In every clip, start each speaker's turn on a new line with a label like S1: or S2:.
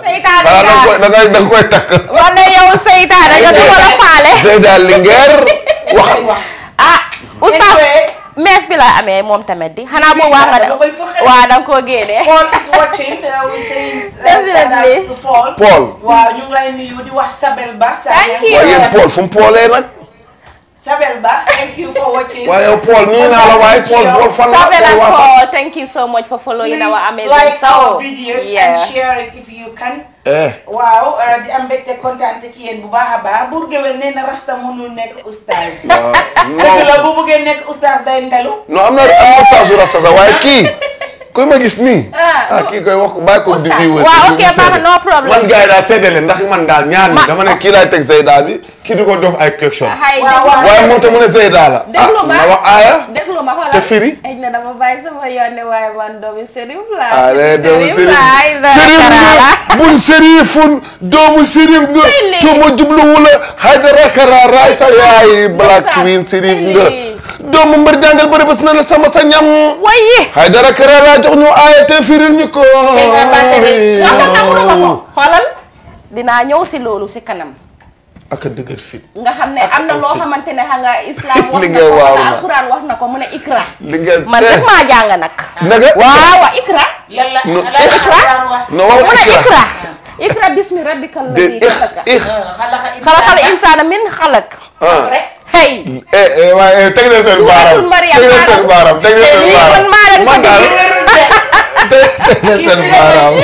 S1: seytaane
S2: nga da ngay koy takk.
S1: wax ne yow seytaane nga du ko la faale.
S2: seytaane li ngeen
S1: ah oustaz mees la amee moom tamit di xanaa boobu wax nga de
S2: waaw
S3: da nga koo génnee. Paul is watching. thank you waaye
S2: Paul fu mu
S3: Sabel Ba thank you for watching. waaye Paul nii naa la waaye Paul Paul fan la.
S1: thank you so much for following our amazing show. Please like our videos and
S3: share it if you can. Eh. waaw eh, di am mbégte kontaan ci yéen bu baax a baax buur géwél nee na rasta mënul nekk oustaz.
S2: waaw la
S3: bu buggee nekk oustaz day ndalu. non am na am na oustaz
S2: rasta sax waaye kii kuy ma gis nii. ah kii ba wax ko bàyyi ko divi man gars yi daal seddale ndax man daal ñaar ñi dama ne kii laay teg Zeyda bi kii di ko dox ay question. waaye moom te mu ne Zeyda la. Ah, déglu ma wax aaya.
S1: déglu ma te firi. ay na dama bàyyi sama yoon ne waaye man doomu Serif la. allez doomu Serif
S2: Serif Black Queen Serif nga. doomu mbër jàngal bëri na la sama sa ñam. waaye. Haydara Kara laa jox ñu aaya te ñu ko.
S1: xoolal dinaa ñëw si loolu si kanam.
S2: ak a dëgër fit
S1: nga xam ne am na loo xamante ne xam nga islam wax na ko mu ne ikra. man nag eh. maa jàng nag. nag ikra. lan la lan la
S2: mu ne ikra.
S1: ikra bismi ah, insaana min xalaq. Ah. tey.
S2: Eh, eh, waaye teg na seen baaram teg na seen baaram teg na seen baaram. man daal teg na seen baaram.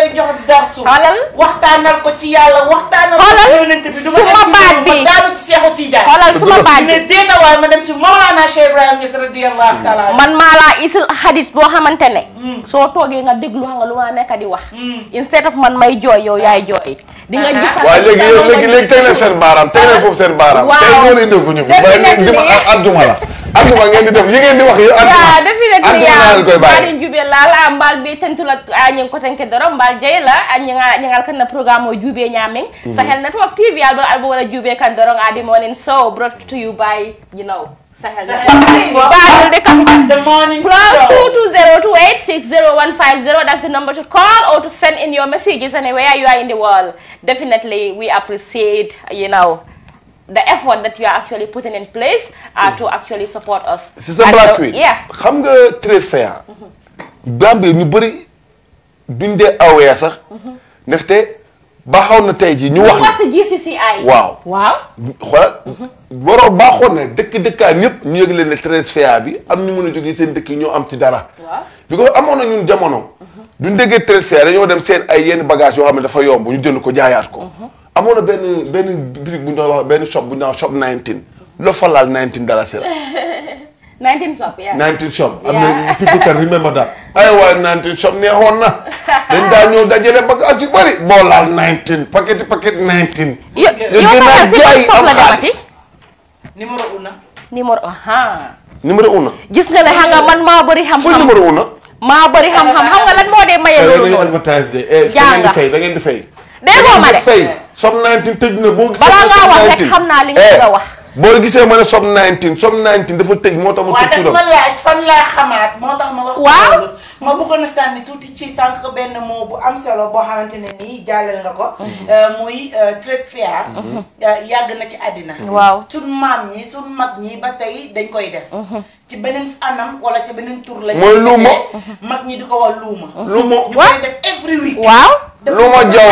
S3: koy jox darsu. xoolal waxtaanal ko ci yàlla waxtaanal ko ci yonent bi. xoolal suma baat bi du ma dem ci Seexu Tijaan. xoolal suma baat bi dégg waaye ma dem ci Mawlana Cheikh Ibrahima Niass radiyallahu
S2: taala
S1: man maa laa isil hadis boo xamante ne. Hmm. soo toogee nga déglu xam nga lu ma nekk di wax. Hmm. instead of man may jooy yow yaay jooy. di nga gis ak waaw léegi léegi
S2: léegi teg na seen baaraam teg na foofu seen baaraam. waaw tey ñoo indi ko ñu fi. dëgg la dëgg la àdduma ngeen di def yi ngeen di wax yëpp. àdduma àdduma la koy bàyyi waaw
S1: jube la la mbal be tentu la ñen ko tenke doro mbal jey la ñinga ñingal kan programme o jube ñameng sahel network tv albo albo wala jube kan doro ngadi morning show brought to you by you know Sahel the morning plus two two zero two eight six zero one five zero. That's the number to call or to send in your messages anywhere you are in the world. Definitely, we appreciate you know the effort that you are actually putting in place uh, to mm-hmm. actually support us. si sa black week uh,
S2: xam nga trade fair. Gambie ñu bari duñ dee awee sax. Mm-hmm. ndaxte baaxoon na tey jii ñu wax.
S1: ni GCCI. waaw waaw.
S2: xoolal. Mm-hmm. waroo baaxoon na dëkk dëkkaan yëpp ñu yëg leen ne trade fair bi am ñu mën a jógee seen dëkk ñoo am ci dara. waaw bi ko amoon na ñun jamono. duñ déggee trade fair dañoo dem seen ay yenn bagage yoo xam ne dafa yomb ñu jënd ko jaayaat ko. amoon na benn benn brique bu ñu doon wax benn shop bu ñu doon shop 19 loo fa laal 19 dalasi la. 19 shop am na people can remember that. ay waaye 19 shop neexoon na dañ daa ñëw dajale bagage yu bëri boo laal 19 paquet paquet 19. la demati
S1: numéro una. numéro aha.
S2: numéro una. gis nga ne xam nga man
S1: maa bëri xam-xam. xam nga lan moo dee maye loolu.
S2: jànga eh, da ngeen di fay da ngeen di fay. déggoo ma de sëy SOB19 tëj na boo gisee. balaa ngaa
S3: naa li nga eh,
S2: boo gisee ma ne SOB19 SOB19 dafa tëj moo tax ma. waaw daf ma
S3: laaj fan laa xamaat moo tax ma wax. sànni tuuti ci sànq benn moo bu am solo boo xamante ne nii jàllal nga ko. Mhm. Euh, muy euh, TREPFIA. Mhm. Euh, yàgg na ci àddina. Mhm. waaw suñ maam ñi suñ mag ñi ba tey dañ koy def. ci beneen anam wala ci beneen tur la. mooy luuma mag ñi di ko wax luuma. luuma ñu koy def every
S1: week waaw.
S2: lu ma jaw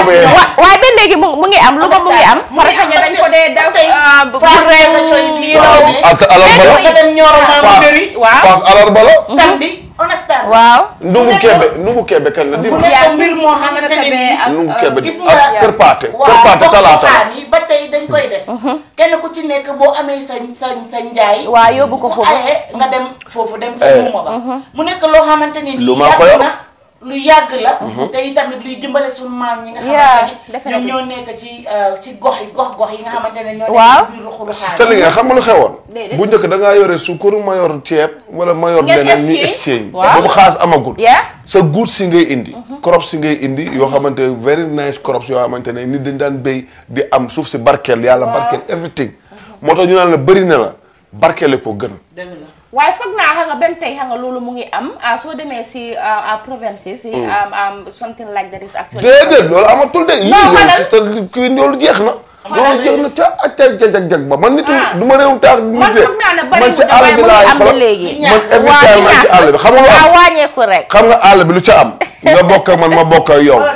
S1: waaye ba léegi mu ngi am lu ma mu ngi am. farata ña dañ ko dee
S3: def. farata nga coy bi soo bi. Fass alarba la. Mm-hmm. samedi. honestar waaw.
S2: Ndungu Kebe Ndungu la dimanche.
S3: mbir moo xamante ni Ndungu Kebe ak Kër Paate. Kër Paate talaata la ba tey dañ koy def. Mm-hmm. kenn ku ci nekk boo amee sa sa sa njaay. waaw yóbbu ko foofu nga dem foofu dem sa eh. muuma ba. Mm-hmm. mu nekk loo xamante ni. lu ma koy lu yàgg la. Mhm. te itamit luy dimbale suñu maam ñi nga. xamante ne ñoo nekk euh, ci gox yi gox gox yi nga xamante ne.
S2: ñoo nekk ci ruxu Sénégal xam nga lu xewoon. bu njëkk da ngaa yore suukar ma wala ma yor leneen ñuy exchange. boobu xaas amagul. sa guut si ngay indi. Mhm. crops si ngay indi yoo xamante ne very nice crops yoo xamante ne nit dañ daan béy bi am suuf si barkeel yàlla barkeel everything. moo tax ñu naan la bari na la barkeele ko gën. dëgg
S3: waaye foog naa xam
S1: benn tey xam nga loolu mu ngi am ah, soo demee si ah, ah, provinces yi. Mm. something like that is actually. déedéet loolu amatul de. non
S2: xanaa si sa kii loolu jeex na. loolu jeex na ca ak ca jag jag ba man. nitu du ma réew taax. man foog naa ne bëriwul waaye mu léegi man ci àll bi laay xoolal man effectivement ci àll bi xam nga. waaw rek. xam nga àll bi lu ca am. nga bokk man ma bokk yow.